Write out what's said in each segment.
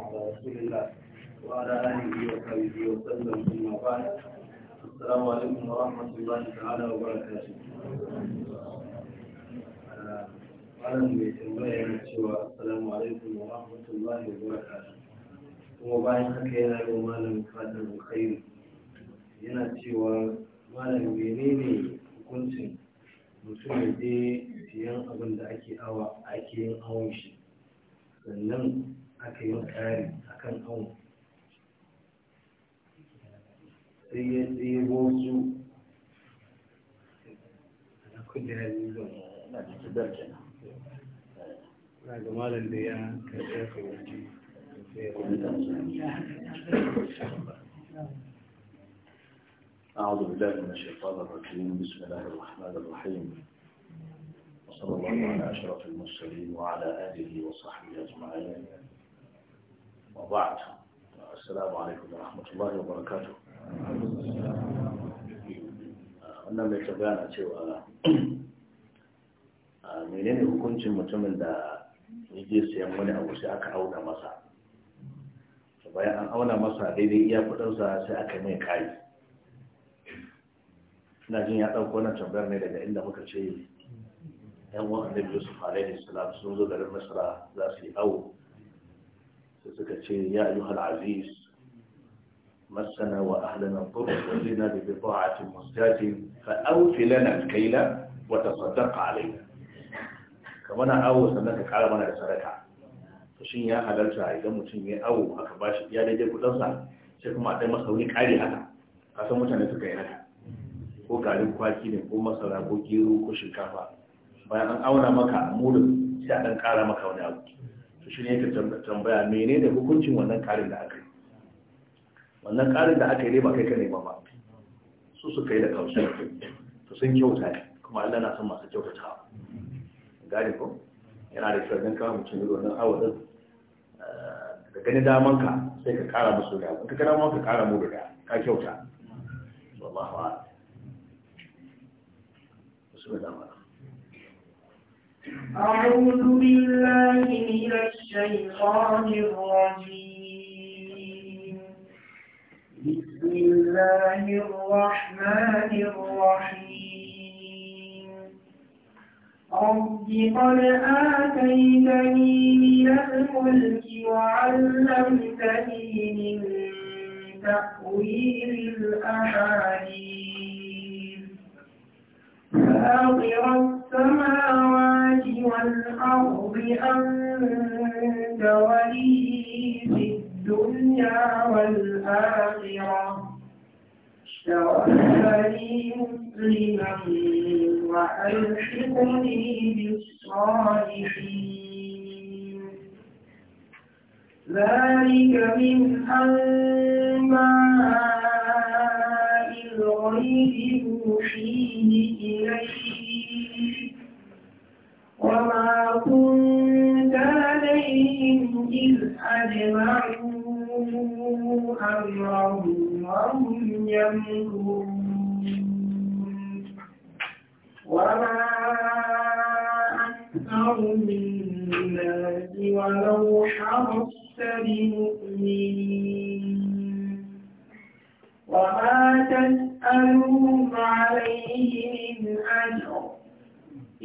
على رسول الله وعلى آله وصحبه وسلم ثم بعد السلام عليكم ورحمة الله تعالى وبركاته malam mai tambaya na cewa assalamu alaikum wa rahmatullahi wa barakatuh kuma bayan haka yana yi malam fatan alkhairu yana cewa malam menene hukuncin mutum ya je siyan abin da ake awa ake yin awon shi sannan aka yi a kan awon sai ya su na ya أعوذ بالله من الشيطان الرجيم بسم الله الرحمن الرحيم وصلى الله على أشرف المرسلين وعلى آله وصحبه أجمعين وبعد السلام عليكم ورحمة الله وبركاته wannan mai tabbana cewa menene hukuncin mutumin da yake sayan wani abu sai aka auna masa bayan an auna masa daidai iya kudinsa sai aka mai kari ina jin ya ɗauko wannan tambayar ne daga inda muka ce yan uwan annabi yusuf alaihi salam sun zo garin misra za su yi awo suka ce ya ayyuhal aziz masana wa ahlana dhurr da zina bi bida'atin mustajin fa awfi lana al wa tasaddaq alayna kamar na awo sannan ka kara mana da sadaka to shin ya halarta idan mutum ya awo aka bashi ya daidai kudansa sai kuma a dai masa wani kari haka kasan mutane suka yi haka ko garin kwaki ne ko masara ko gero ko shinkafa bayan an auna maka a mudu sai a dan kara maka wani abu to shi ne ka tambaya menene hukuncin wannan ƙarin da aka yi wannan karin da aka yi ne ba kai ka nema ba su su kai da kansu su sun kyauta ne kuma Allah na son masu kyautatawa gane ko yana da kyau don kawo mutum da wannan awa din eh, da gani daman ka sai ka kara musu da ka kara mu ka kara mu da ka kyauta wallahu a'lam بسم الله الرحمن الرحيم أعوذ بالله من الشيطان الرجيم بسم الله الرحمن الرحيم رب قد آتيتني من الملك وعلمتني من تأويل الأحاديث فاطر السماوات والأرض أنت أنت ولي في الدنيا والآخرة توفني مسلما وألحقني بالصالحين ذلك من أنباء الغيب نوحيه إليك وما كنت أجمعوا أمرهم وهم يمكرون وما أكثر الناس ولو حرصت بمؤمنين وما تسألهم عليه من أجر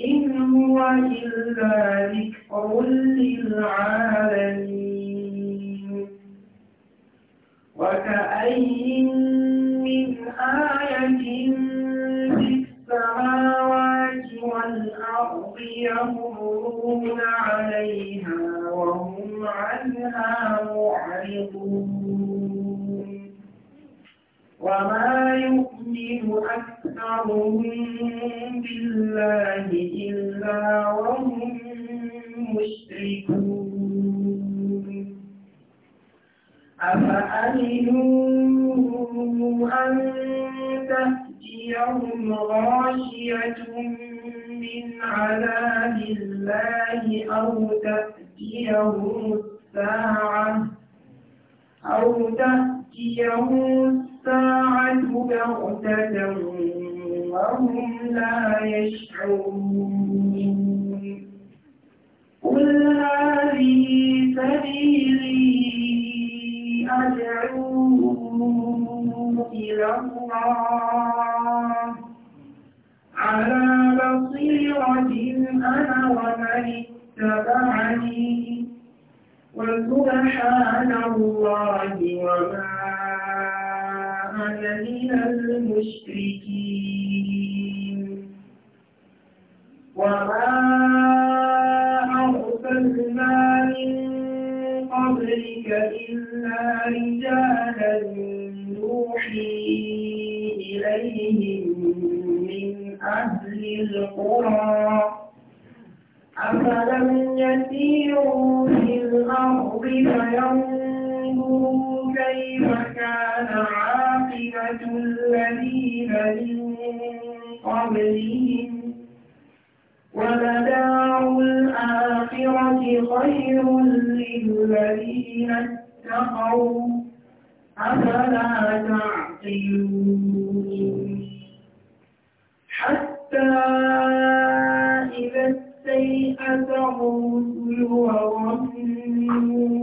إن هو إلا ذكر للعالمين وكأي من آية في السماوات والأرض يمرون عليها وهم عنها معرضون وما يؤمن أكثر أكثرهم بالله إلا وهم مشركون أفأمنوا أن تأتيهم غاشية من عذاب الله أو تأتيهم الساعة أو تأتيهم الساعة الساعة بغتة وهم لا يشعرون قل هذه سبيلي أدعو إلى الله على بصيرة أنا ومن اتبعني وسبحان الله وما معك من المشركين وما أرسلنا من قبلك إلا رجالا نوحي إليهم من أهل القرى أفلم يسيروا في الأرض فينظروا كيف كان عاقبة الذين من قبلهم ولدار الآخرة خير للذين اتقوا أفلا تعقلون حتى إذا استيأس الرسل وظنوا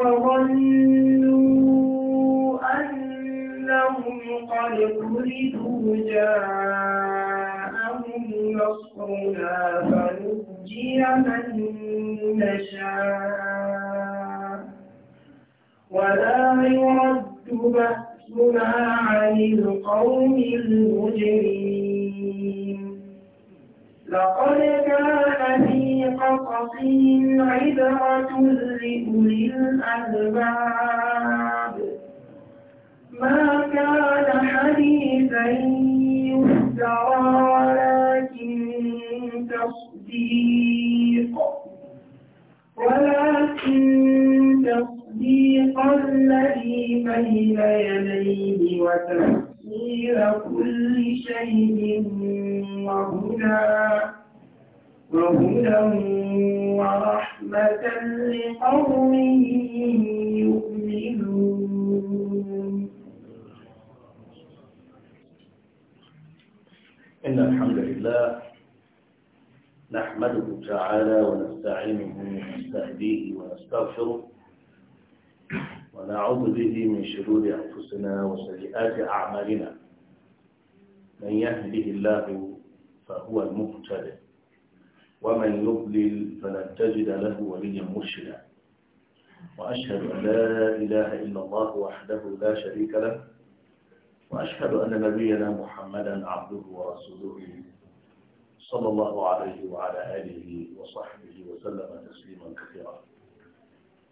وظنوا أنهم قد كردوا جاءهم نصرنا فنجي من نشاء ولا يرد بأسنا عن القوم المجرمين لقد كان في قصصهم عبرة لأولي الألباب ما كان حديثا يفترى ولكن تصديق ولكن تصديق الذي بين يديه وتفسير تفسير كل شيء وهدى وهدى ورحمة لقوم يؤمنون إن الحمد لله نحمده تعالى ونستعينه ونستهديه ونستغفره ونعوذ به من شرور أنفسنا وسيئات أعمالنا من يهده الله فهو المهتد ومن يضلل فلن تجد له وليا مرشدا وأشهد أن لا إله إلا الله وحده لا شريك له وأشهد أن نبينا محمدا عبده ورسوله صلى الله عليه وعلى آله وصحبه وسلم تسليما كثيرا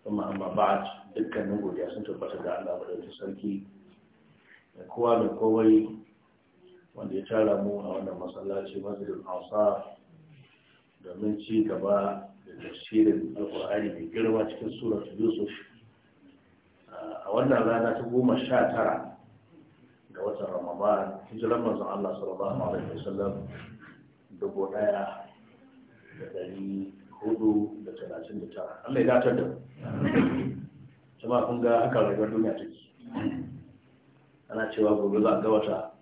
kuma amma ba dukkanin godiya sun tabbata ga Allah ta sarki da kowa da kowai wanda ya tara mu a wannan masallaci masjidin Hausa domin ci gaba da tafsirin alkur'ani mai girma cikin surat Yusuf a wannan rana ta goma sha tara ga watan Ramadan hijiran manzon Allah sallallahu alaihi wasallam dubu daya da dari hudu da talatin da tara Allah ya datar da jama'a kun ga haka rayuwar duniya take ana cewa gobe za a ga wata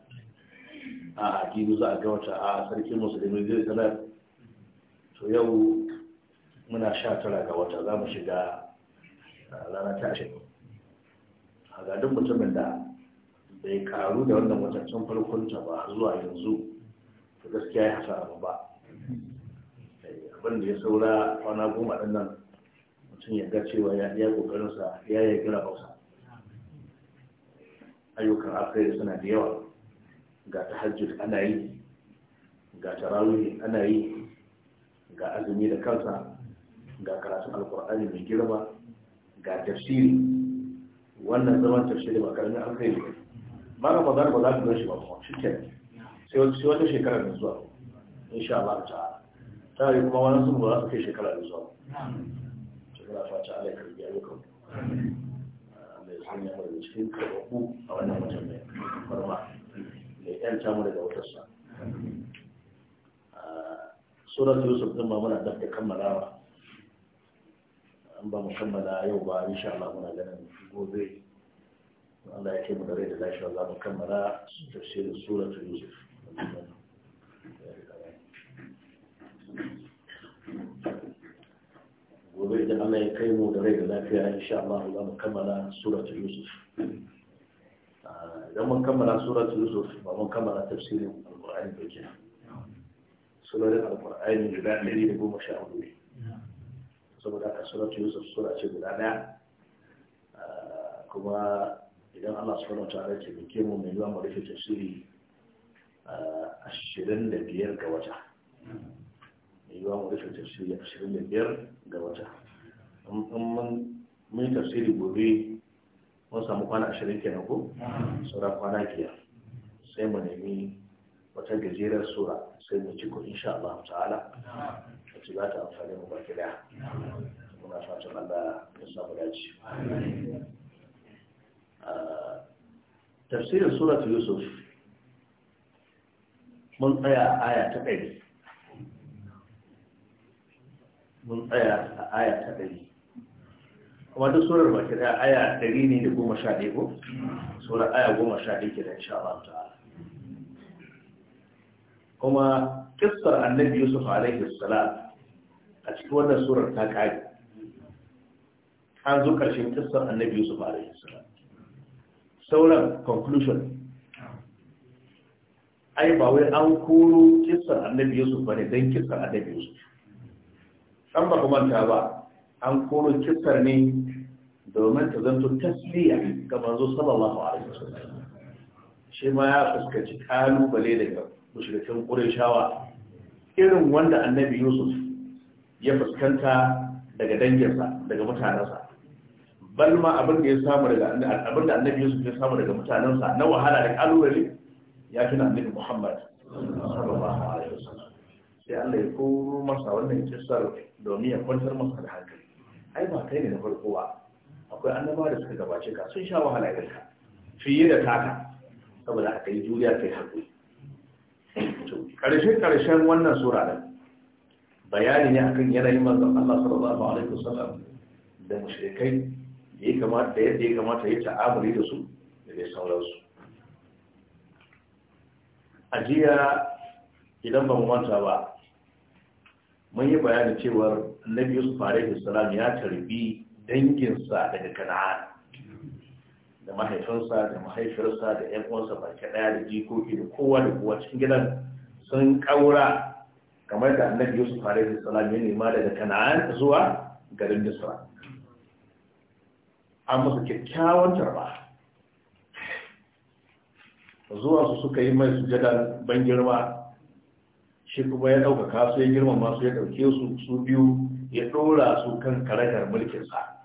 a addini za a ga wata a sarkin musulmi zai sanar to yau muna sha tara ga wata za mu shiga rana ta ce. a ga duk mutumin da bai karu da wannan farkon ta ba zuwa yanzu to gaskiya ya hasara ba wanda ya saura kwana goma ɗin nan mutum ya ga cewa ya iya ƙoƙarinsa ya yi gina bausa ayyukan afirka suna da yawa ga tahajjud ana yi ga tarawih ana yi ga azumi da kansa ga karatun alkur'ani mai girma ga tafsiri wannan zaman tafsiri ba karamin alkhairi ba ba na bazar ba za ku shi ba kuma shi sai wata shekarar da zuwa insha Allah ta'ala tare kuma wani sun ba su kai shekara da zuwa shekara fata ala karbi a yakan mai sun yamma da cikin karbabu a wannan wajen mai farma mai yanta mu daga wutarsa surat yusuf din ba muna kammala kammalawa an ba mu kammala yau ba sha Allah muna ganin gobe Allah ya kai mu da rai da lafiya za mu kammala tafsirin surat yusuf gobe da Allah ya kai mu da rai da lafiya insha Allah za mu kammala suratu Yusuf ah, idan mun kammala suratu Yusuf ba mun kammala tafsirin Al-Qur'ani ba kenan surorin Al-Qur'ani guda 114 ne saboda haka suratu Yusuf sura ce guda daya ah, kuma idan Allah subhanahu wa ta'ala ya ke mu mai yiwa mu rufe tafsiri 25 ah, ga wata yiwuwa mu rufe tafsiri ashirin da biyar ga wata mun mun tafsiri gobe mun samu kwana ashirin kenan ko saura kwana biyar sai mu nemi wata gajerar sura sai mu ci ko insha Allah ta'ala a ci za ta amfani mu baki daya muna fatan Allah ya samu dace ah, tafsirin suratul yusuf mun tsaya aya ta ɗari mun tsaya a aya ta ɗari kuma duk surar baki ɗaya aya ɗari ne da goma sha ɗaya ko surar aya goma sha ɗaya ke da insha Allah ta'ala kuma kissar annabi yusuf alaihi salam a cikin wannan surar ta kare an zo ƙarshen kissar annabi yusuf alaihi salam sauran conclusion ai ba wai an koro kissar annabi yusuf bane dan kissar annabi yusuf an ba manta ba an koro kisar ne domin ta zanto tasliya ga manzo sallallahu alaihi wasallam shi ma ya fuskanci kalubale daga mushrikin qurayshawa irin wanda annabi yusuf ya fuskanta daga danginsa daga mutanansa, bal ma abin da ya samu daga abin da annabi yusuf ya samu daga mutanansa, na wahala da kalubale ya tuna annabi muhammad sallallahu alaihi wasallam sai Allah ya koro masa wannan kisar domin ya kwantar masa da hankali ai ba kai ne na farko ba akwai annaba da suka gabace ka sun sha wahala da ka fiye da taka saboda aka yi juriya kai hakuri karshe karshen wannan sura da bayani ne akan yanayin manzon Allah sallallahu alaihi wasallam da mushrikai da ya kamata da yadda ya kamata ya ta'amuli da su da dai sauransu ajiya idan ba mu manta ba mun yi bayani cewar annabi yusuf alaihi salam ya tarbi danginsa daga kana'an da mahaifinsa da mahaifiyarsa da ƴan uwansa baki daya da jikoki da kowa da kowa cikin gidan sun kaura kamar da annabi yusuf alaihi salam ya nema daga kana'an zuwa garin misra an musu kyakkyawan tarba zuwa su suka yi mai sujadar ban girma shi kuma ya ɗaukaka su ya girmama su ya ɗauke su su biyu ya ɗora su kan karagar mulkinsa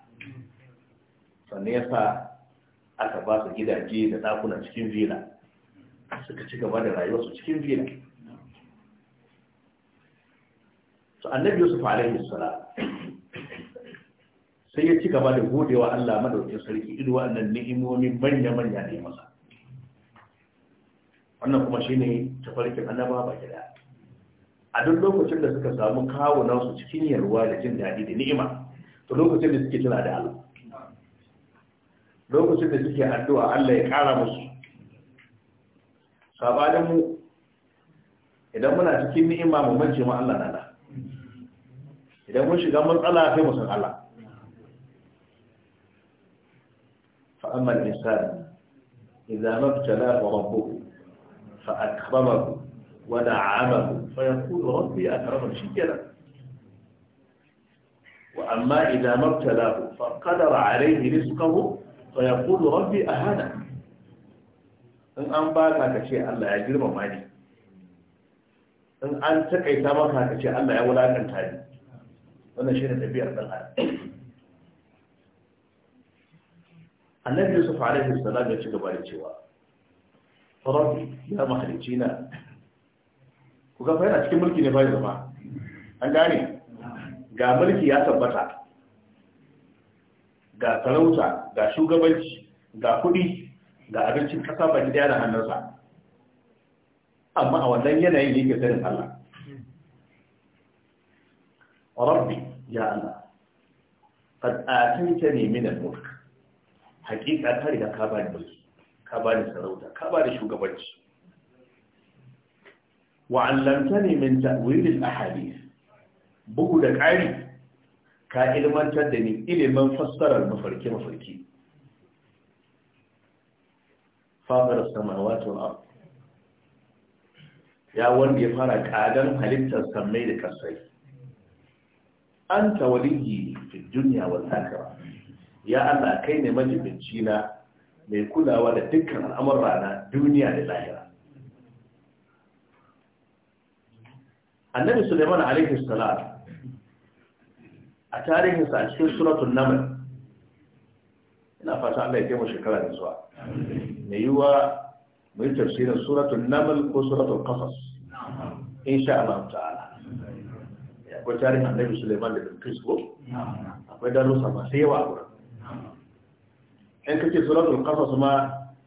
sannan ya sa aka ba su gidaje da ɗakuna cikin vila suka ci gaba da rayuwarsu cikin vila su annabi yusuf alaihi salam sai ya ci gaba da godewa Allah madaukin sarki ido wannan ni'imomi manya-manya ne masa wannan kuma shine tafarkin annaba ba gida a duk lokacin da suka samu kawo nasu cikin yarwa da jin daɗi da ni'ima to lokacin da suke tuna da Allah lokacin da suke addu'a Allah ya kara musu sabanin mu idan muna cikin ni'ima mu mance mu Allah nana idan mun shiga matsala sai mu san Allah fa insan idza mabtalahu rabbuhu fa akramahu wa na'amahu فيقول ربي أكرم شكلا وأما إذا ما ابتلاه فقدر عليه رزقه فيقول ربي أهانا إن أنباك هذا الشيء ألا يجرم مالي إن أنتك إتامك هذا الشيء ألا يولا أن تالي وأنا شيء نبي أرد النبي يوسف عليه السلام يتكبر الشواء ربي يا مخرجينا ku ga yana cikin mulki ne ba zama an gane ga mulki ya tabbata ga sarauta ga shugabanci ga kuɗi ga abincin kasa ba gida da hannunsa amma a wannan yanayin yake sanin Allah rabbi ya Allah ta ne min al-mulk hakika ka riga ka bani mulki ka bani sarauta ka bani shugabanci wa'allantani min ta'wilil ahadith bugu da ƙari ka ilmantar da ni ilimin fassarar mafarki mafarki fadar samawati wal ya wanda ya fara ƙadar halittar sammai da kasai anta waliyyi fi duniya wa akhirah ya ana kai ne majibin cina mai kulawa da dukkan al'amuran rana duniya da lahira annabi suleiman alaihi salam a tarihinsa a cikin suratun namal ina fata Allah ya kai shekara da zuwa mai yiwuwa mu yi tafsirin suratun namal ko suratun Qasas, insha Allah ta'ala akwai tarihin annabi suleiman da bilkis ko akwai darussa masu yawa a wurin in kake suratun Qasas ma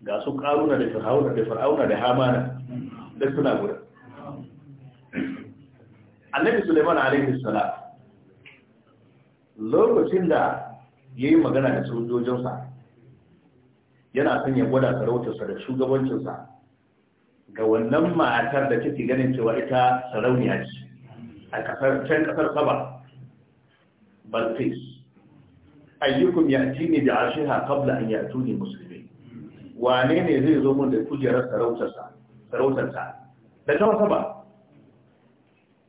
ga su karuna da fir'auna da fir'auna da hamana duk suna gurin annabi Suleiman alaihi salam lokacin da ya yi magana da sojojinsa yana son ya gwada sarautarsa da shugabancinsa ga wannan matar da kike ganin cewa ita sarauniya ce a kasar can kasar Saba Baltis ayyukum ya'tini bi arshiha qabla an ya'tuni muslimin wane ne zai zo mun da kujerar sarautarsa sarautarsa da ta Saba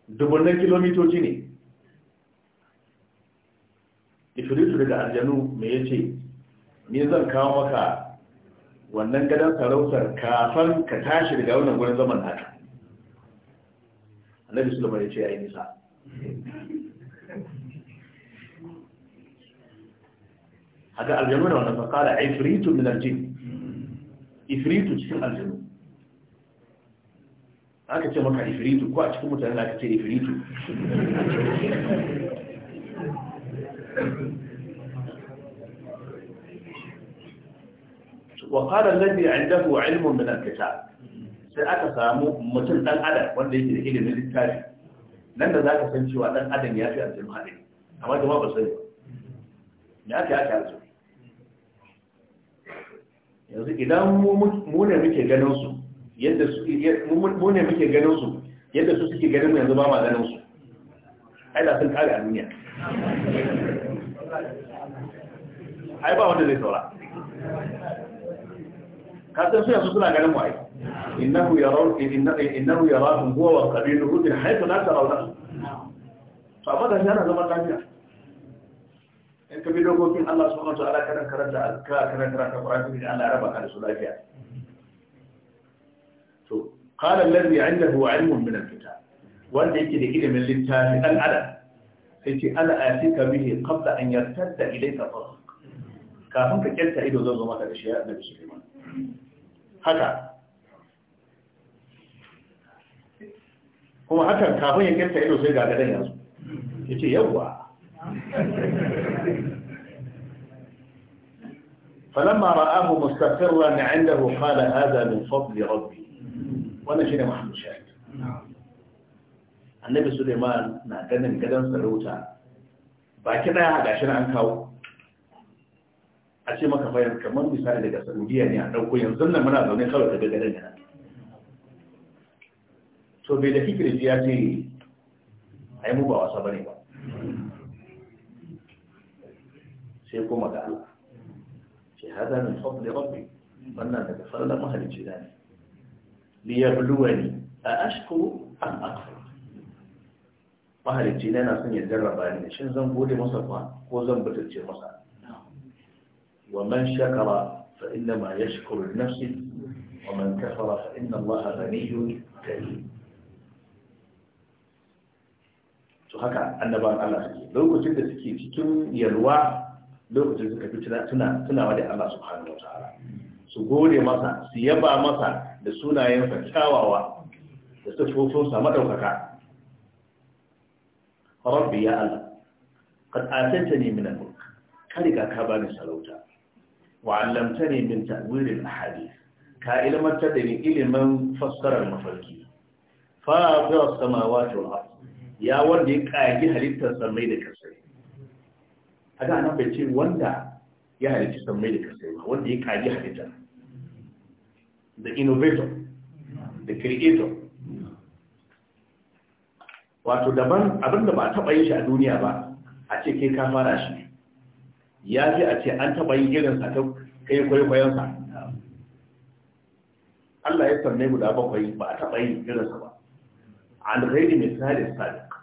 dubunnan kilomitoci ne ifiritu daga aljanu mai ya ce ni zan kawo maka wannan gadon sarautar kafan ka tashi daga wannan gudun zaman naka annabi sulaiman ya ce ya yi nisa haka aljanu na wannan fakala ifiritu min aljin ifiritu cikin aljanu aka ce maka ifiritu ko a cikin mutane aka ce ifiritu wa qala alladhi 'indahu 'ilmun ilimin minar kitab sai aka samu mutum dan adam wanda yake da ilimin littafi nan da za ka san cewa dan adam ya fi arzikin haɗe amma jama'a ba sai ya fi aka yanzu yanzu idan mu ne muke ganin su yadda su mu ne muke ganin su yadda su suke ganin mu yanzu ba ma ganin su ai da sun kare a duniya ai ba wanda zai saura san su yanzu suna ganin mu ai innahu yarau innahu yarawun huwa wa qabiluhu min haythu la tarawna to amma da yana zama lafiya in ka bi dokokin Allah subhanahu wa ta'ala kana karanta alka kana karanta Qur'ani da Allah ya raba ka da su lafiya قال الذي عنده علم من الكتاب وانت يجي لك من الكتاب قال على يجي انا اتيك به قبل ان يرتد اليك فرق كافون كنت ايده ذو ما كان اشياء النبي سليمان هو kuma hakan kafin ya kenta ido sai gagadan yazo yace yawa falamma ra'ahu mustaqirran 'indahu qala hadha min fadli rabbi wannan shine mahallu shahid annabi suleiman na ganin gadon sarauta ba kina ga shi an kawo a ce maka fayar kamar misali daga saudiya ne a ɗauko yanzu nan muna zaune kawai daga gadon yana to bai da fikirji ya ce a yi mu ba wasa bane ba sai kuma ga Allah ce hada min fadli rabbi wannan daga farlan mahalicci na ne liyabluwani a ashku an akfur mahalicci na yana son ya jarraba ni shin zan gode masa kuwa ko zan butulce masa wa man shakara fa inna ma yashkuru li nafsi wa man kafara fa inna allaha ghaniyyun karim to haka annabawan Allah suke lokacin da suke cikin yalwa lokacin suka fi tunawa da Allah subhanahu wa ta'ala su gode masa su yaba masa da sunayensa kyawawa da sifofinsa maɗaukaka rabbi ya Allah qad atantani min al-mulk ka riga ka bani sarauta wa ne min ta'wil a ahadith ka ilmantar da ni ilimin fassarar mafarki fa'ir as-samawati wal ard ya wanda ya kagi halittar samai da kasai da nan bai ce wanda ya halitta samai da kasai ba wanda ya kagi halittar the innovator the creator wato daban abinda ba a taɓa yin shi a duniya ba a ce ke ka fara shi ya fi a ce an taɓa yin irinsa ta kai kwaikwayonsa Allah ya sanna guda bakwai ba a taɓa yin irinsa ba an raini mai sadis sadiq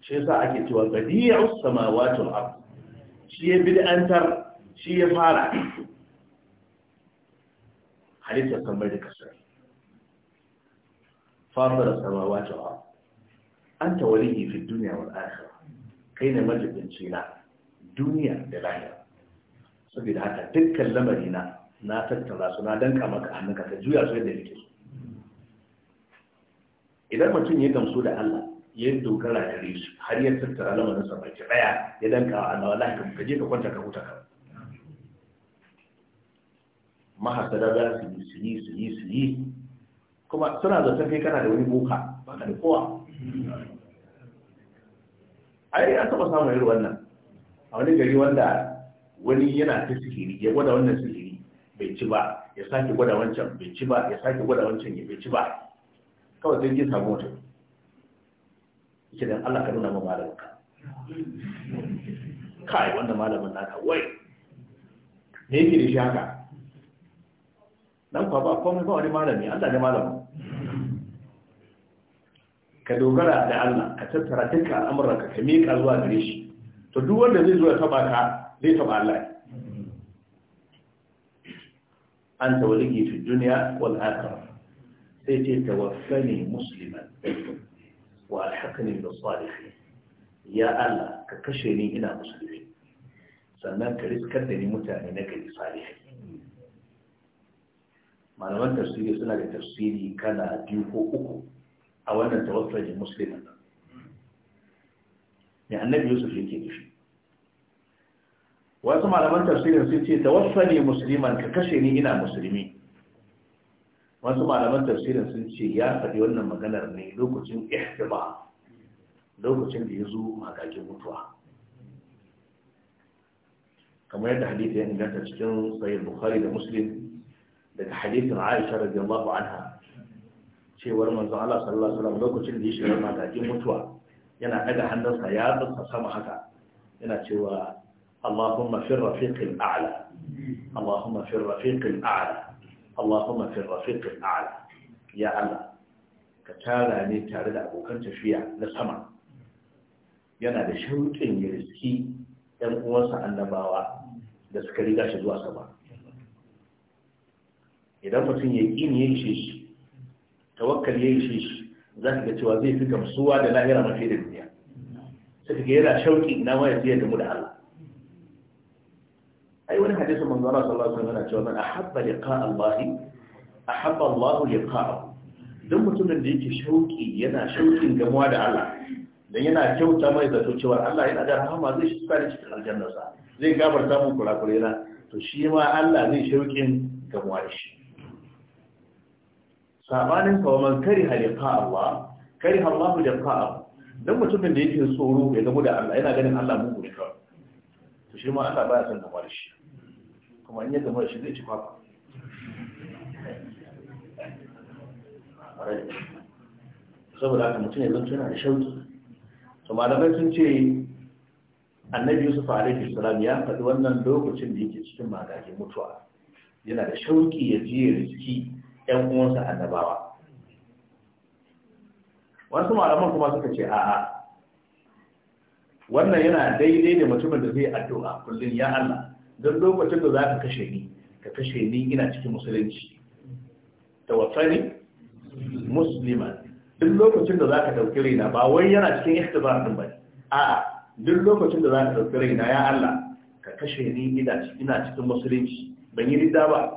shi yasa ake cewa gadiyar samawatul abu. shi ya bid'antar shi ya fara halittar samar da kasar fafara samawa jawa an ta wani fi duniya wal kai ne majibinci cina, duniya da lahira saboda haka dukkan lamari na na tattara su na danka maka hannunka ka juya su yadda yake su. idan mutum ya gamsu da Allah ya dogara da shi har ya tattara lamarin sa baki daya ya danka wa Allah wallahi ka je ka kwanta ka huta ka mahasada za su yi su yi su yi su yi kuma suna zaton kai kana da wani boka ba ka da kowa yi an taɓa samun yi wannan a wani gari wanda wani yana ta sihiri ya gwada wannan sihiri bai ci ba ya sake gwada wancan bai ci ba ya sake gwada wancan ya bai ci ba kawai sai jin samu mutum yake dan Allah ka nuna ma malamin ka kai wannan malamin naka wai ne yake da shi haka dan kwa ba komai ba wani malami Allah ne malami ka dogara da Allah ka tattara duka al'amuranka ka miƙa zuwa gare shi to duk wanda zai zo ya taba ka zai taba Allah an tawalliki fi duniya wal akhirah sai ce tawaffani musliman wa alhaqni bis salihin ya Allah ka kashe ni ina musulmi sannan ka riskar da ni mutane na gari salihin malaman tafsiri suna da tafsiri kala biyu ko uku a wannan tawassulin musulman nan ne annabi yusuf yake da shi wasu malaman tafsirin sun ce tawassali musulman ka kashe ni ina musulmi wasu malaman tafsirin sun ce ya faɗi wannan maganar ne lokacin ihtiba lokacin da ya zo magagin mutuwa kamar yadda hadita ya inganta cikin sahih bukhari da muslim daga hadisin Aisha radiyallahu anha cewar manzo Allah sallallahu alaihi wasallam lokacin da ya shiga matakin mutuwa yana daga hannunsa ya tsaka sama haka yana cewa Allahumma fi rafiqil a'la Allahumma fi rafiqil a'la Allahumma fi rafiqil a'la ya Allah ka tara ni tare da abokan tafiya na sama yana da shauƙin yarski ɗan uwansa annabawa da suka riga shi zuwa sama idan mutum ya ƙi ya ishe shi tawakkal ya ishe shi za ka ga cewa zai fi gamsuwa da lahira mafi da duniya sai ga yana shauƙi ina ma ya je ya gamu da Allah ai wani hadisi manzo Allah sallallahu alaihi wasallam yana cewa man ahabba liqa Allah ahabba Allah liqa'ahu duk mutumin da yake shauƙi yana shauƙin gamuwa da Allah dan yana kyauta mai zato cewa Allah yana da rahama zai shi tsare cikin aljannarsa zai gafarta mu kurakurai na to shi ma Allah zai shauƙin gamuwa shi sabanin ka man kari halika Allah kari Allah da fa'a dan mutumin da yake tsoro ya gamu da Allah yana ganin Allah mu ne kawai to shi ma Allah baya son gamuwa da shi kuma in ya gamu da shi zai ci kwakwa saboda haka mutum ya zanto yana da shauki to malamai sun ce annabi yusuf alaihi salam ya faɗi wannan lokacin da yake cikin magagin mutuwa yana da shauki ya je ya riski ‘yan uwansa annabawa wasu malaman kuma suka ce a'a wannan yana daidai da mutumin da zai addu'a kullum ya Allah don lokacin da za ka kashe ni ka kashe ni ina cikin musulunci ta ne? musulman duk lokacin da za ka ɗauki raina ba wai yana cikin ikhtibar ɗin a a'a duk lokacin da za ka ɗauki raina ya Allah ka kashe ni ina cikin musulunci ban yi rida ba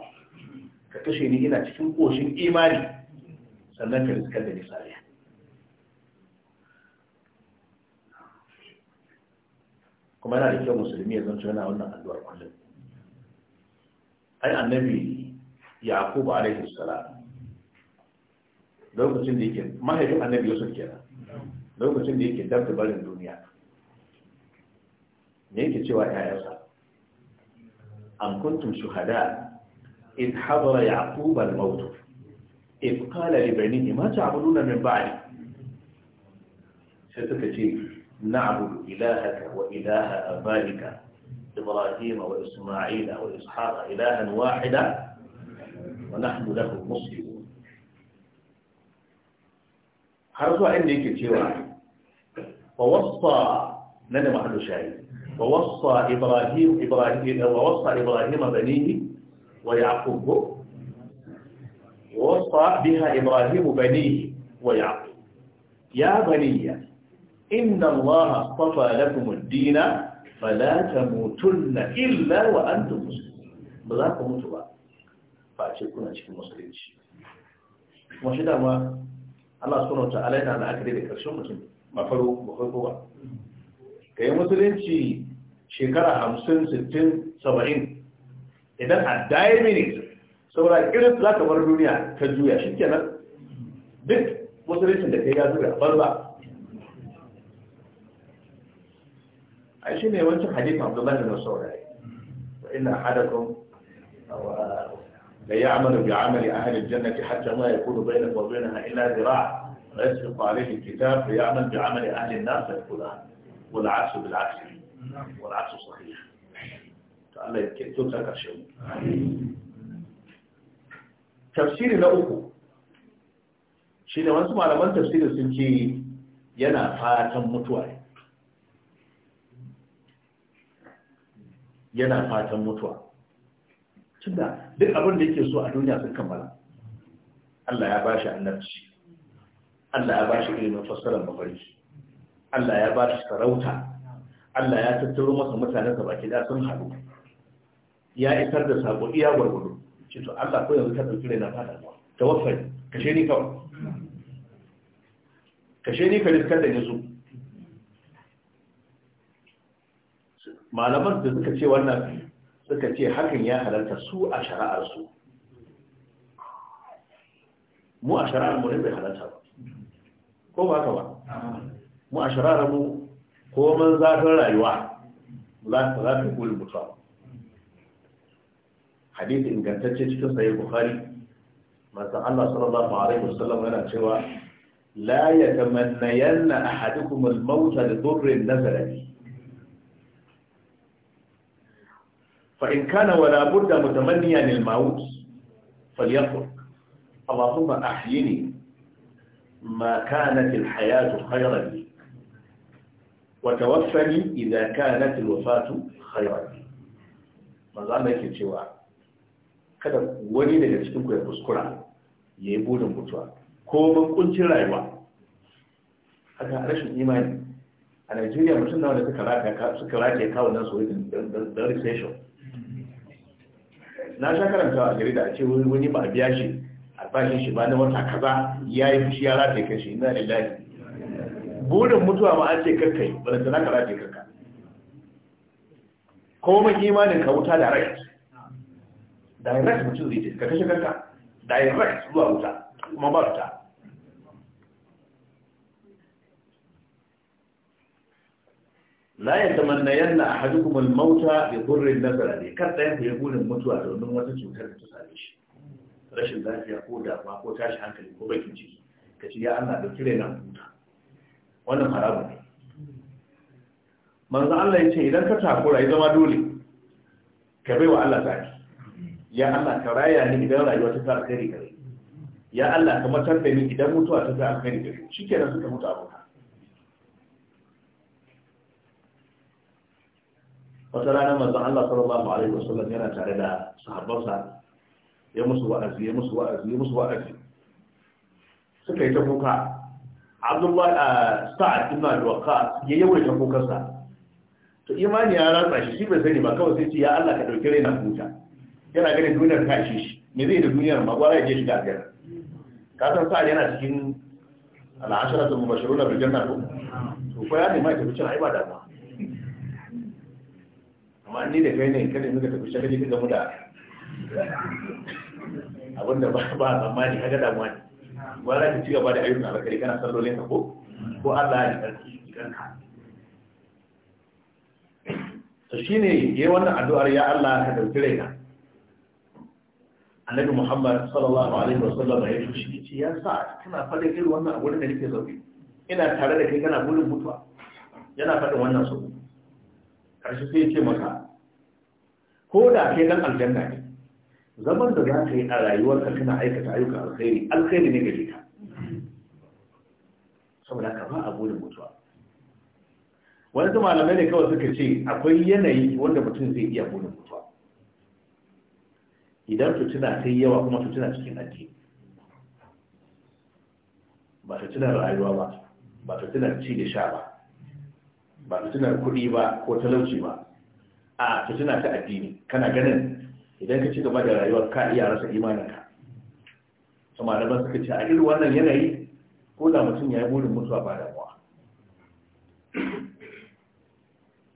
ka kashe ni ina cikin koshin imani sannan ka riskar da misali kuma yana da kyau musulmi ya zanci yana wannan addu'ar kullum ai annabi Yakubu, alaihi salam lokacin da yake mahaifin annabi yusuf kenan lokacin da yake dab da barin duniya ne yake cewa 'ya'yansa an kuntum shuhada إذ حضر يعقوب الموت إذ قال لبنيه ما تعبدون من بعدي ستكتي نعبد إلهك وإله أبائك إبراهيم وإسماعيل وإسحاق إلها واحدا ونحن له مسلمون حرصوا عندي كتيرا ووصى لنا محل شاهد ووصى إبراهيم إبراهيم ووصى إبراهيم بنيه ويعقوب ووصى بها إبراهيم بنيه ويعقوب يا بني إن الله اصطفى لكم الدين فلا تموتن إلا وأنتم مسلمون بلا تموتوا فأشكونا شكو مسلمين kuma shi dama Allah subhanahu wa ta'ala yana la'akari da karshen mutum ba faro ba farko ba kai musulunci shekara 50 60 70 idan a daimini saboda irin za ka bar duniya ka juya shi kenan duk musulunci da kai ya zuga bar ba a shi ne wancan hadithin abdullahi na saurari wa ina hadakun da ya amalu bi amali ahalin jannati hatta ma yakunu bainahu wa bainaha illa zira' ويسبق عليه الكتاب فيعمل بعمل أهل الناس فيقول والعكس بالعكس والعكس صحيح Allah ya kinto ta mu tafsiri na uku shi ne wasu malaman tafsiri sun ce yana fatan mutuwa yana fatan mutuwa tunda duk abin da yake so a duniya sun kammala Allah ya ba shi annabci Allah ya ba shi ilimin fassarar mafarki Allah ya ba shi sarauta Allah ya tattaro masa mutanen da baki da sun haɗu ya isar da sako iya gwargwado ce to Allah ko yanzu ka dauki raina fada ta wafai kashe ni kawai kashe ni ka riskar da ni su malaman da suka ce wannan suka ce hakan ya halarta su a shari'ar su mu a shari'ar mu ne bai halarta ba ko ba haka ba mu a shari'ar mu ko man zafin rayuwa za ta kuli mutuwa حديث إن كانت تجد صحيح البخاري ما سأل الله صلى الله عليه وسلم أنا شوى لا يتمنين أحدكم الموت لضر نزل فإن كان ولا بد متمنيا الموت فليقل اللهم أحيني ما كانت الحياة خيرا لي وتوفني إذا كانت الوفاة خيرا لي ما زال kada wani daga cikin ku ya kuskura ya yi burin mutuwa ko makuncin rayuwa haka rashin imani a Najeriya mutum nawa da suka rata suka rata kawo nan soyayya da recession na sha karanta a jarida a ce wani ba a biya shi a bashin shi ba na wata kaza ya yi fushi ya rata kai shi ina lillahi burin mutuwa ma an ce kakkai wanda na ka rata karka ko mai imanin ka wuta da rai direct mutum zai ka kashe kanka direct zuwa wuta kuma ba wuta la ya tamanna yanna ahadukum al-mauta bi dhurrin nazara ne kar da ya gurin mutuwa domin wata cutar da ta same shi rashin lafiya ko ba ko tashi hankali ko bakin ciki kace ya Allah dauki na huta wannan haramun ne manzo Allah ya ce idan ka takura ya zama dole ka bai wa Allah zaki ya Allah ka raya ni idan rayuwa ta tsara alkhairi kare ya Allah ka matar da ni idan mutuwa ta sa alkhairi gare shikenan suka mutu abuka wata rana manzon Allah sallallahu alaihi wasallam yana tare da sahabbansa ya musu wa'azi ya musu wa'azi ya musu wa'azi suka yi ta kuka Abdullahi ah, Sa'ad ibn al waqqa ya yawaita kukansa to imani ya ratsa shi shi bai sani ba kawai sai ce ya Allah ka dauke raina huta yana ganin duniyar ta ishe shi me zai da duniyar ma gwara ya je shiga aljanna ka san sa'ad yana cikin al'ashara da mubashiru na janna ko to ko ya nema ya tafi cin ai ba da ba amma ni da kai ne kada ni ka tafi kaje jikin mu da abinda ba ba tsammani kaga damuwa ne gwara ki ci gaba da ayyukan alkhairi kana sallolin ka ko ko Allah ya karki kanka to shine yayin wannan addu'ar ya Allah ka dauki raina annabi muhammad sallallahu alaihi wasallam ya ce shi ce ya sa kana faɗin irin wannan a wurin da nake zaune ina tare da kai kana gudun mutuwa yana faɗin wannan su karshe sai ce maka ko da kai dan aljanna ne zaman da za ka yi a rayuwarka kana aikata ayyuka alkhairi alkhairi ne gare ka saboda ka ba a gudun mutuwa wani malamai ne kawai suka ce akwai yanayi wanda mutum zai iya gudun mutuwa idan fitina ta yi yawa kuma tutuna cikin addini ba fitinar rayuwa ba ba fitinar ci da sha ba ba fitinar kuɗi ba ko talauci ba a tutuna ta addini kana ganin idan ka ci gaba da rayuwa ka iya rasa imaninka su malaman suka ce a irin wannan yanayi ko da mutum ya yi burin mutuwa ba damuwa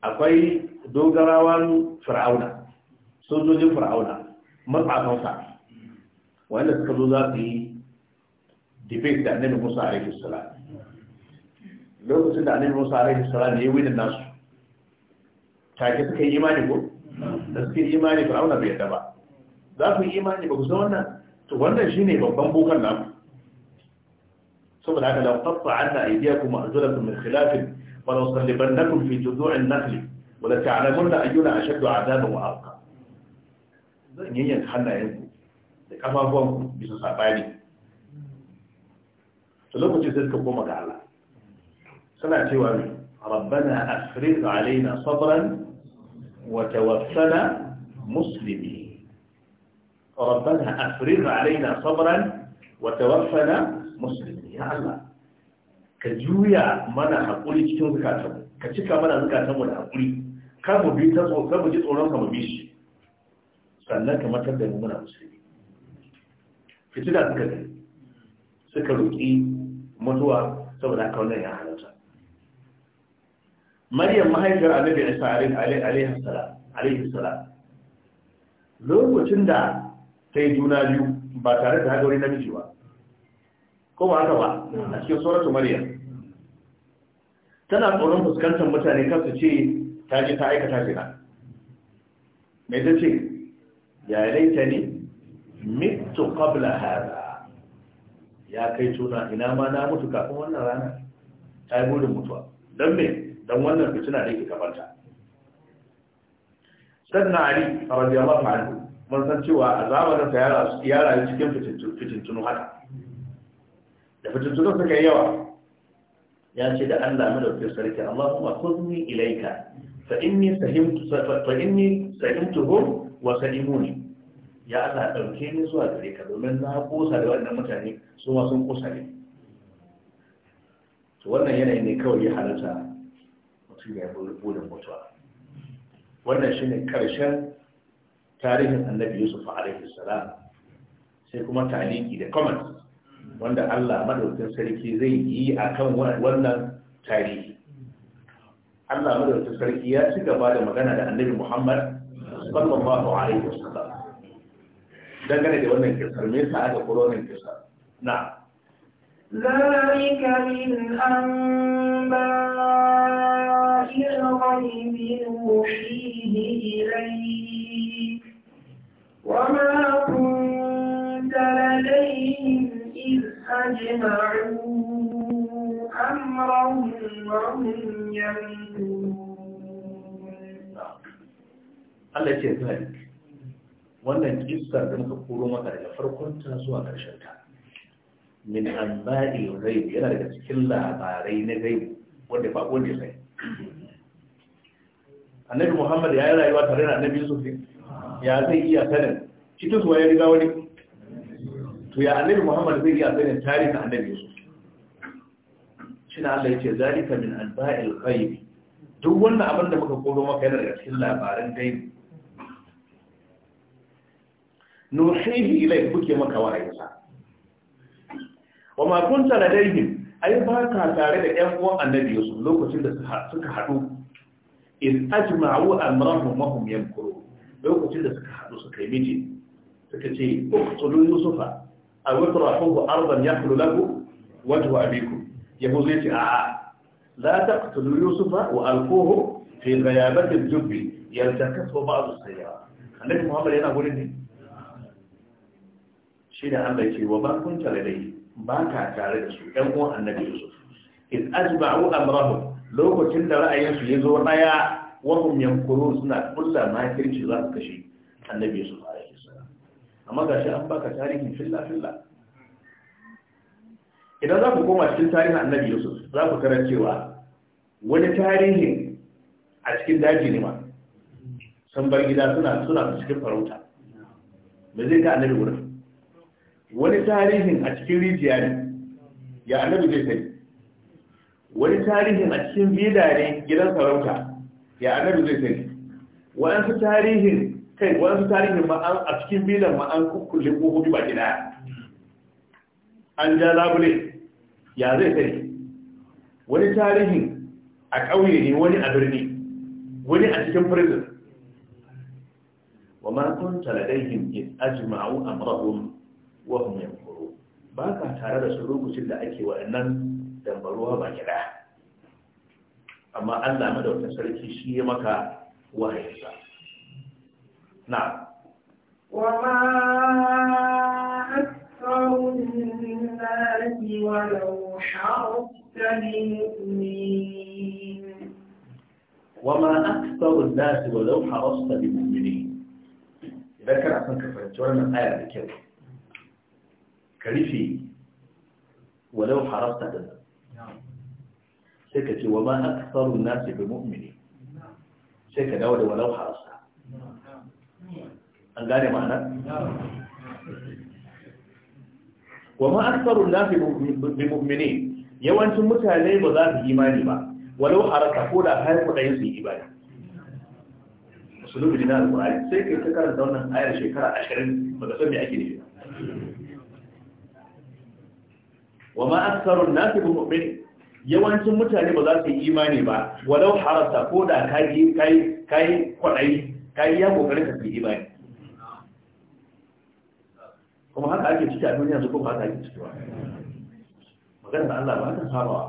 akwai dogarawan fir'auna sojojin fir'auna matsafansa wanda suka zo za su yi debate da annabi musa alaihi salam lokacin da annabi musa alaihi ne ya yi winin nasu take suka yi imani ko da suka yi imani ba auna bai yadda ba za ku yi imani ba ku san wannan to wannan shine babban bukan namu saboda haka da lau qatta anna aydiyakum ma'zulatan min khilafin wa law sallibannakum fi judu'in nakhli wa alamun da ayyuna ashaddu 'adaban wa abqa zan hannayen ku. da ku bisa saɓani to lokacin sai suka koma ga Allah suna cewa ne rabbana afriq alaina sabran wa tawaffana muslimin rabbana afriq alaina sabran wa tawaffana muslimin ya Allah ka juya mana haƙuri cikin zukatanmu ka cika mana zukatanmu da haƙuri kar mu bi ta tsoro kar ji tsoron ka mu bi shi sannan kamar matar da muna musulmi fitina suka gani suka roƙi mutuwa saboda kaunar ya halarta maryam mahaifiyar annabi isa alaihi sala lokacin da ta yi juna biyu ba tare da hagari namiji ba ko ba haka ba a cikin sauratu maryam tana tsoron fuskantar mutane kan su ce ta je ta aikata jina mai ta ce ya laita ne mitu qabla hada ya kai tuna ina ma na mutu kafin wannan rana ta yi burin mutuwa don me dan wannan fitina da yake kamanta sannan ali radiyallahu anhu mun san cewa a da yara yara cikin tunu haka da fitintunu suka yawa ya ce da Allah madaukakin sarki Allahumma khudni ilayka fa inni sahimtu fa inni sahimtu wasalimuni ya Allah ɗauke ni zuwa gare ka domin na kosa da wannan mutane su ma sun kosa ne to wannan yanayi ne kawai ya halatta mutum ya bude mutuwa wannan shine karshen tarihin annabi yusuf alaihi salam sai kuma taliki da comments wanda Allah madaukakin sarki zai yi akan wannan tarihi Allah madaukakin sarki ya ci gaba da magana da annabi Muhammad صلى الله عليه وسلم ده كان يقول لنا انكسر مين فعاد يقولون انكسر نعم ذلك من أنباء الغيب نوحيه إليك وما كنت لديهم إذ أجمعوا أمرا وهم يمنون Allah ce zalik wannan kissa da muka koro maka daga farkon ta zuwa ƙarshen ta min anba'i ghaib yana daga cikin labarai na ghaib wanda ba wanda ya sani annabi Muhammad ya yi rayuwa tare da annabi Yusuf ya zai iya sanin cikin su ya riga wani to ya annabi Muhammad zai iya sanin tarihin annabi Yusuf Shin Allah ya ce zalika min anba'il ghaib duk wannan abin da muka koro maka yana daga cikin labaran gaibi nuhihi ilai kuke maka wa'ayinsa wa ma kunta ladaihim ay ba ka tare da ƴan uwan annabi Yusuf lokacin da suka haɗu in ajma'u amrahum wa hum yamkuru lokacin da suka haɗu suka yi miji suka ce uqtulu yusufa aw itrahuhu ardan yahlu lahu wajhu abikum ya ce a'a la taqtulu yusufa wa alquhu fi ghayabati al-jubbi yaltakasu ba'd as-sayyara annabi Muhammad yana gurin ne shi da Allah ce wa ba tare da yi ba ka tare da su ɗan uwan annabi Yusuf in ajba'u amrahum lokacin da ra'ayinsu ya zo ɗaya wahum yankuru suna kulla makirci za su kashe annabi Yusuf alaihi salam amma gashi an baka tarihin filla filla idan za ku koma cikin tarihin annabi Yusuf za ku karar cewa wani tarihin a cikin daji ne ma san bar gida suna suna cikin farauta me zai ga annabi wurin wani tarihin a cikin rijiya ne ya annabi zai sai wani tarihin a cikin bidare gidan sarauta ya annabi zai sai waɗansu tarihin kai waɗansu tarihin ma a cikin bidan ma an kukkulle ƙofofi ba gida an ja labule ya zai sai wani tarihin a ƙauye ne wani a birni wani a cikin prison wa ma kun ladaihim ajma'u amrahum وهم ينظرون ما كان ترى سلوك سيدنا أكي وأنن تنبروها ما كدا أما أن لما دو شيء ما وهي وهيسا نعم وما أكثر الناس ولو حرصت بمؤمنين وما أكثر الناس ولو حرصت بمؤمنين إذا كان عفوا كفر تورنا الآية بكذا ka rufe walau harafta din sai ka ce wa ma aktharun nasi bi mu'mini sai ka dawo da walau harafta an gane ma'ana wa ma aktharun nasi bi mu'mini yawancin mutane ba za su imani ba walau harafta ko da har kudayen su imani musulmi na Al-Qur'ani sai kai ta karanta wannan ayar shekara 20 ba ka san me ake nufi ba wa ma aksarun nasu bi mu'min yawancin mutane ba za su yi imani ba walau harasa ko da kai kai kai kwadai kai ya kokari ka yi imani kuma haka ake ciki a duniya su kuma haka ake ciki ba magana da Allah ba ta sabawa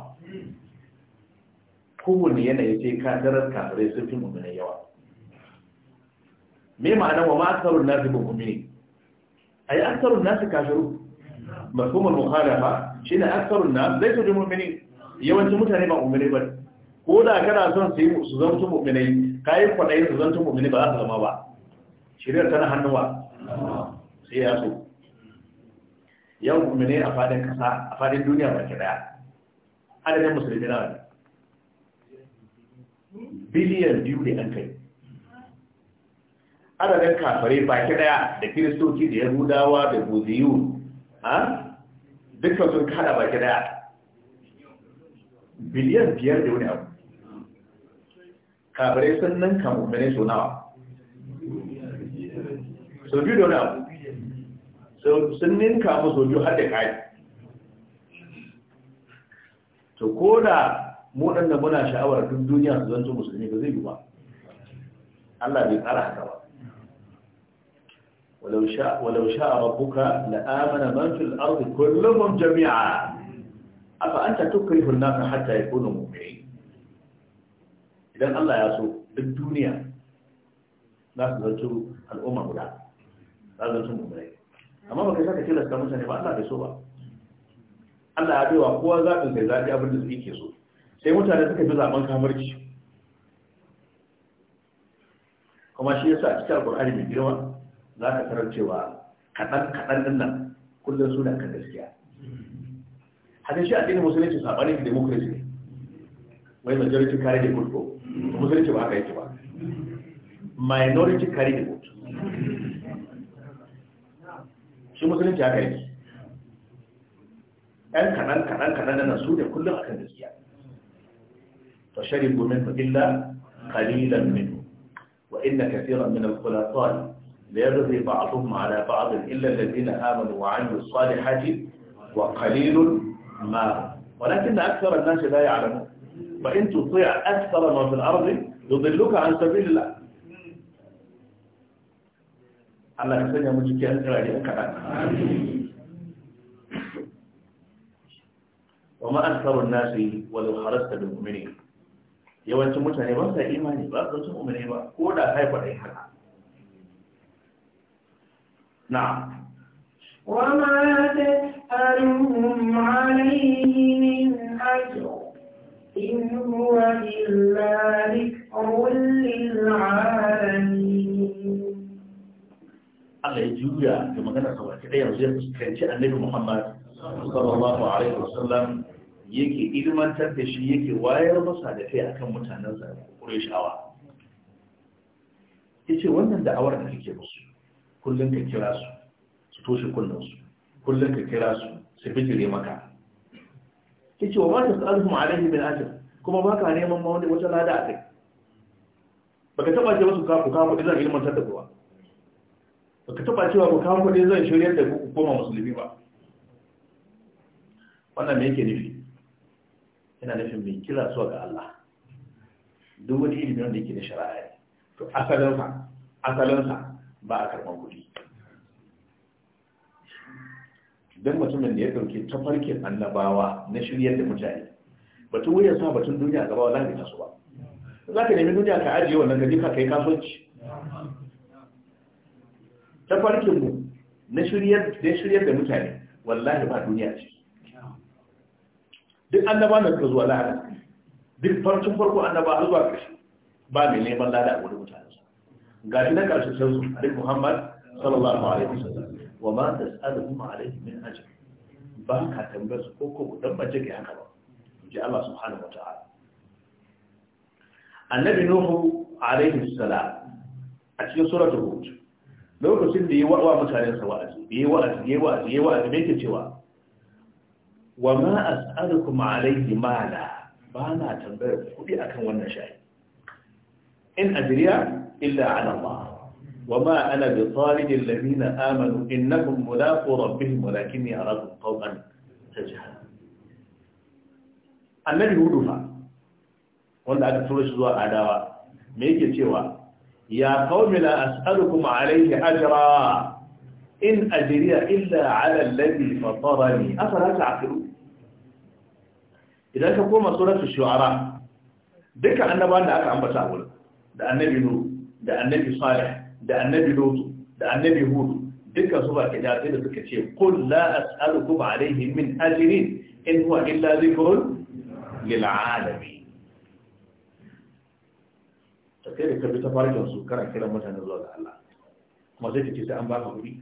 kowane yanayi sai kafirar kafirai sun fi mummunai yawa me ma'ana wa ma aksarun nasu bi mu'min ai aksarun nasu kafiru mafhumul muhalafa shi ne aksarun na zai su mummini yawancin mutane ba mummini ba ko da kana son su yi su zanto mu'minai kayan kwaɗayi su zanto mummini ba za su zama ba shirya tana hannuwa sai ya so yau mummini a fadin kasa a fadin duniya ba ke daya adadin musulmi na wani biliyan biyu ne an kai adadin kafare ke daya da kiristoci da yahudawa da buziyu dukkan sun kada baki daya biliyan biyar da wani abu Kabirai sun nan kan mene so nawa so biyu da wani abu sun ninka musu biyu har da kayi to ko da mu ɗan da muna sha'awar duk duniya su zanto musulmi ba zai yi ba Allah bai tsara haka ba ولو شاء ربك لآمن من في الأرض كلهم جميعا أفأنت تكره الناس حتى يكونوا مؤمنين إذن الله يسوع بالدنيا لا تزلتوا الأمم لا لا تزلتوا مؤمنين أما ما كيساك tilasta mutane ba Allah بسوء Allah ya baiwa kowa zaɓin sai zaɓi abin da su yake so sai mutane suka fi zaɓen kamarci kuma shi yasa a cikin alƙur'ani mai girma za ka tarar cewa kaɗan kaɗan ɗin nan kullum suna kan gaskiya hadin shi addinin musulunci saɓani da democracy ne wai majority carry the vote ko musulunci ba haka yake ba minority carry the vote shi musulunci haka yake ɗan kaɗan kaɗan kaɗan nan su ne kullum akan gaskiya to sharibu min illa qalilan minhu wa inna kathiran min al-khulafa ليرضي بعضهم على بعض إلا الذين آمنوا وعملوا الصالحات وقليل ما ولكن أكثر الناس لا يعلمون فان تطيع أكثر ما في الأرض يضلك عن سبيل الله الله يسلم مجيك أن تراجع كمان وما أكثر الناس ولو خرجت بالمؤمنين يوم أنتم متعبون سيئمان بأرض المؤمنين وقودا هاي فريحة نعم وما تسألهم عليه من أجر إن هو إلا ذكر للعالمين Allah ya juya da magana sa baki ɗaya yanzu ya fuskanci annabi Muhammad sallallahu alaihi wasallam yake ilmantar da shi yake wayar masa da kai akan mutanensa Qurayshawa yace wannan da'awar da kake musu kullum ka kira su su toshe su kullum ka kira su su fijire maka Ta ce wa ma ta sa'adu mu alaihi bin ajin kuma ba ka neman ma wani wata lada a kai ba ka taba ce masu kafu kafu ɗin zan ilmantar da kowa ba ka taɓa cewa ku kafu ɗin zan shirya da ku koma musulmi ba wannan me yake nufi yana nufin mai kira zuwa ga Allah duk wani ilimin da yake da shari'a to asalinsa asalinsa ba a karɓar kuɗi don mutumin da ya ɗauki tafarkin annabawa na shiryar da mutane batun wuyan sa batun duniya a gaba wa zaka su ba za ka nemi duniya ka ajiye wannan gaji ka kai kasuwanci tafarkin mu na shiryar da mutane wallahi ba duniya ce duk annaba na zuwa lahara duk farcin farko annaba har zuwa ƙarshe ba mai neman lada a wani mutane ga shi na karshen su Annabi Muhammad sallallahu alaihi wasallam wa ma tas'aluhum alaihi min ajr ba ka tambayar su ko ko dan bace kai haka ba ji Allah subhanahu wataala Annabi Nuhu alaihi salam a cikin suratul Hud lokacin da ya wa'awa mutanen sa wa'azi yayi wa'azi yayi wa'azi yayi wa'azi me yake cewa wa ma as'alukum alaihi mala ba na tambayar kuɗi akan wannan shayi in ajriya illa ala Allah wa ma ana bi talidil ladina amanu innahum mulaqu rabbihim walakinni arakum qawman tajhalun annabi hudu fa wanda aka tura shi zuwa adawa me yake cewa ya qaumi la as'alukum alayhi ajra in ajriya illa ala alladhi fatarani afala ta'qilun idan ka koma suratul shu'ara duka annabawan da aka ambata a wurin da annabi nuru. da annabi salih da annabi lutu da annabi hudu duka su ba da sai da suka ce qul la as'alukum alayhi min ajrin in huwa illa dhikrun lil alamin ta kai da kabi ta farkin su karan kiran mutane zuwa ga Allah kuma sai kace sai an baka kuɗi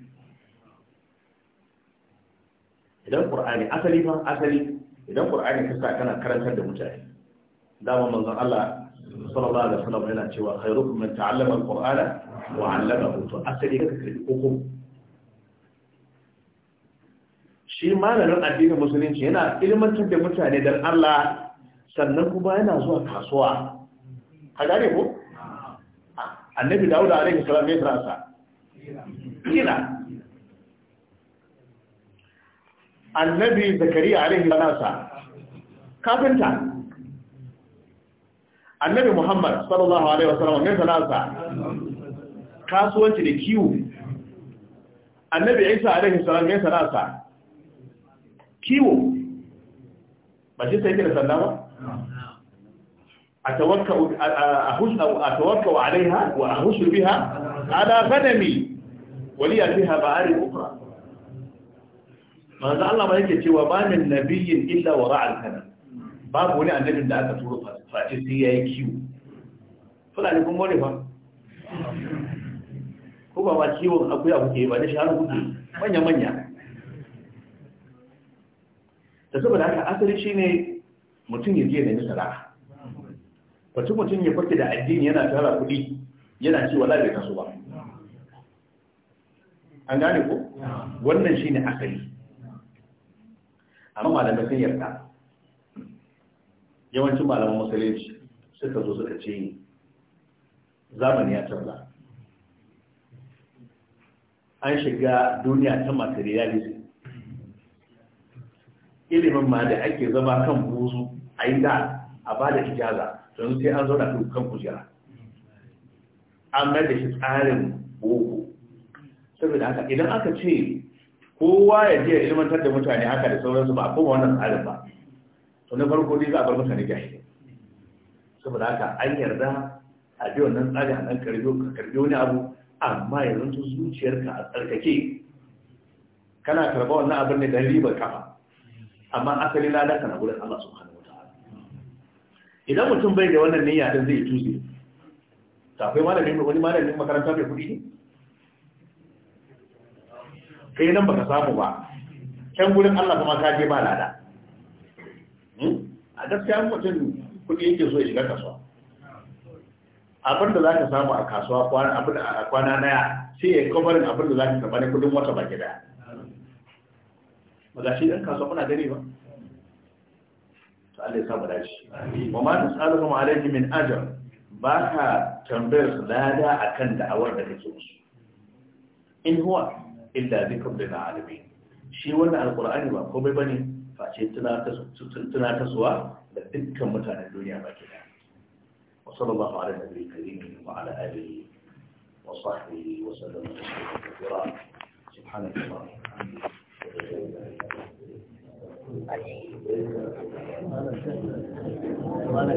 idan qur'ani asali fa asali idan qur'ani ka sa kana karantar da mutane dama manzon Allah sallallahu alaihi wasallam yana cewa khairukum man ta'allama al-qur'ana wa 'allamahu to asali ka kai hukum shi malamin addinin musulunci yana ilmantar da mutane dan Allah sannan kuma yana zuwa kasuwa ka gane ko annabi dawud alaihi salam ya sa. kila annabi zakariya alaihi salam kafinta annabi muhammad sallallahu alaihi wasallam ne salasa kasuwanci da kiwo annabi isa alaihi salam ne salasa kiwo ba shi sai da sanda ba أتوكأ أتوكأ عليها وأهش بها على غنمي ولي فيها معارف أخرى ماذا الله ما يكتي وما من نبي إلا وراء الكلام باب هنا النبي ده أكا تورطها face sai ya yi kiwo fulani kun more ba ko ba ma kiwon akwai abu ke ba da shanu kuke manya-manya da saboda haka asali shine mutum ya je da ni sana'a fatu mutum ya farke da addini yana tara kuɗi yana ci wala bai kasu ba an gane ko wannan shi ne asali amma malamai sun yarda yawancin malaman musulunci suka zo suka ce zamani ya canza an shiga duniya ta materialism ilimin ma da ake zama kan buzu a yi da a ba da ijaza don sai an zauna kan kujera an mai da shi tsarin boko saboda haka idan aka ce kowa ya je ilmantar da mutane haka da sauransu ba kuma wannan tsarin ba to na farko dai za a bar maka ne gashi saboda haka an yarda a biyo nan tsari a nan karbi wani abu amma yanzu zuciyarka a tsarkake kana karba wannan abin ne don ribar kafa amma asali lalata na wurin Allah subhanahu wataala idan mutum bai da wannan niyya din zai tuzi ta akwai malamin wani malamin makaranta mai kuɗi ne kai nan baka samu ba can gurin Allah kuma ka je ba lada a gaskiya mutum kudi yake so ya shiga kasuwa abin da za ka samu a kasuwa a kwana naya sai ya kwabarin abin da za ka samu ne kudin wata baki daya magashi ɗan kasuwa muna gani ba ta Allah ya samu dace ba ma ta tsaro kuma alaihi min ajar ba ka tambayar su lada a kan da'awar da kake musu in huwa illa da na alibi shi wannan alqur'ani ba komai bane face tunatarwa da dukkan mutanen duniya baki daya wa sallallahu ala nabiyyi karim wa ala alihi wa sahbihi wa sallam taslima kathira subhanaka allahumma wa bihamdika